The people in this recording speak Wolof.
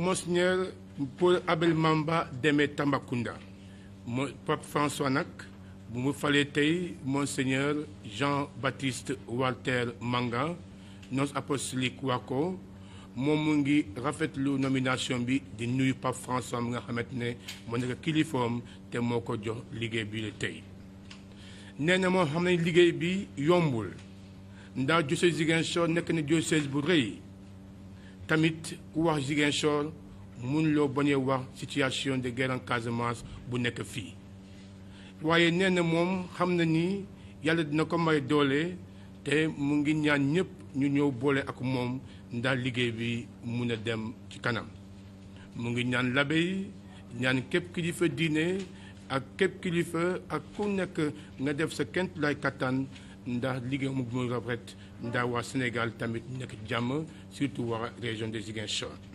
Monseigneur Paul Abel Mamba demee Tambacounda mo Pape François nag bu mu falee tey Monseigneur Jean-Baptiste Walter Manga nonce apostolique waa moom mu ngi rafetlu nomination bi di nuyu Pape François mi nga xamante ne moo nekk kilifoom te moo ko jox liggéey bi tey nee na moo xam ne liggéey bi yombul ndax diocèse Ziguinchor nekk na diocèse bu rëy tamit ku wax sol mënuloo ba a wax situation de guerre en Casamance bu nekk fii waaye nee na moom xam na ni yàlla dina ko may doole te mu ngi ñaan ñëpp ñu ñëw boole ak moom ndax liggéey bi mun a dem ci kanam mu ngi ñaan labe yi ñaan képp kilifa diine ak képp kilifa ak ku nekk nga def sa kent lay kattan ndax liggéey mu gën a rafet ndax waa Sénégal tamit nekk jàmm surtout waa région des Ziguinchor